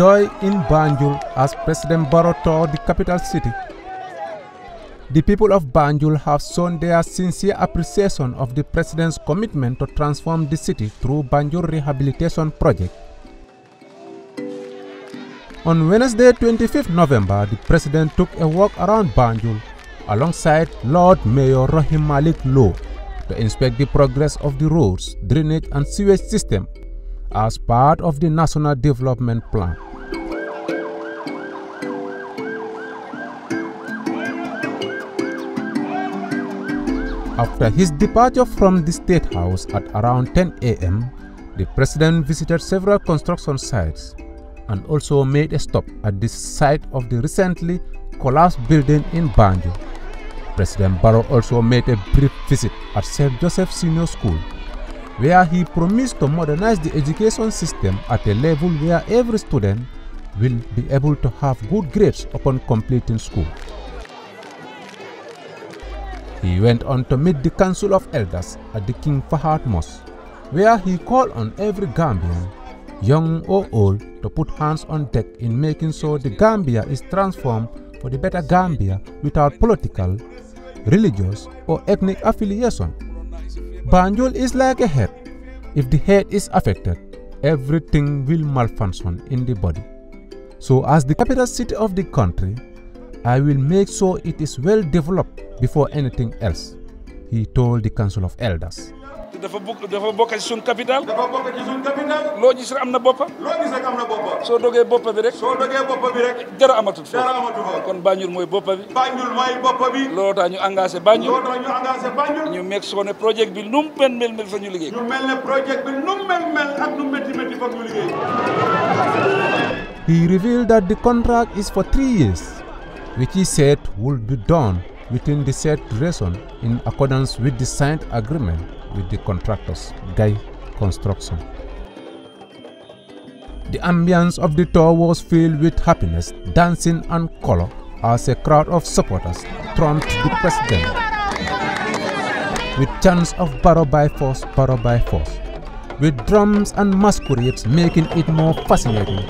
joy in Banjul as President Barrow toured the capital city. The people of Banjul have shown their sincere appreciation of the president's commitment to transform the city through Banjul Rehabilitation Project. On Wednesday, 25 November, the president took a walk around Banjul alongside Lord Mayor Rahim Malik Lowe to inspect the progress of the roads, drainage and sewage system as part of the National Development Plan. After his departure from the State House at around 10 a.m., the president visited several construction sites and also made a stop at the site of the recently collapsed building in Banjo. President Barrow also made a brief visit at St. Joseph Senior School, where he promised to modernize the education system at a level where every student will be able to have good grades upon completing school. He went on to meet the Council of Elders at the King Fahad Mosque, where he called on every Gambian, young or old, to put hands on deck in making sure the Gambia is transformed for the better Gambia without political, religious, or ethnic affiliation. Banjul is like a head. If the head is affected, everything will malfunction in the body. So, as the capital city of the country, I will make sure it is well developed before anything else, he told the Council of Elders. dafa bokk dafa bokk ci suñu capital. dafa bokk am na boppa soo dogee boppa bi rek. soo amatul foofu kon Banjul mooy boppa bi. Banjul mooy boppa bi. looloo ñu engagé Banjul. looloo tax ñu engagé soo ne projet bi nu mu mel mel mel fa ñu ñu mel ne projet bi nu mel mel ak nu mu métti métti ñu liggéey. He revealed that the contract is for three years. which he said would be done within the said duration in accordance with the signed agreement with the contractors, Guy Construction. The ambience of the tour was filled with happiness, dancing and color as a crowd of supporters thronged the president with chants of barrow by force, barrow by force, with drums and masquerades making it more fascinating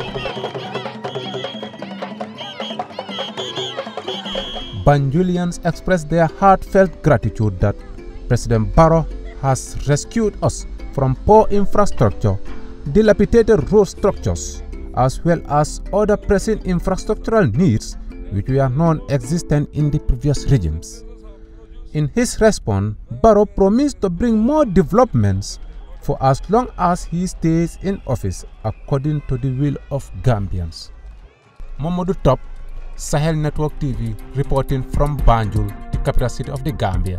Banjulians expressed their heartfelt gratitude that President Barrow has rescued us from poor infrastructure, dilapidated road structures, as well as other pressing infrastructural needs which were non-existent in the previous regimes. In his response, Barrow promised to bring more developments for as long as he stays in office according to the will of Gambians. Mamadou Top Sahel Network TV reporting from Banjul, the capital city of the Gambia.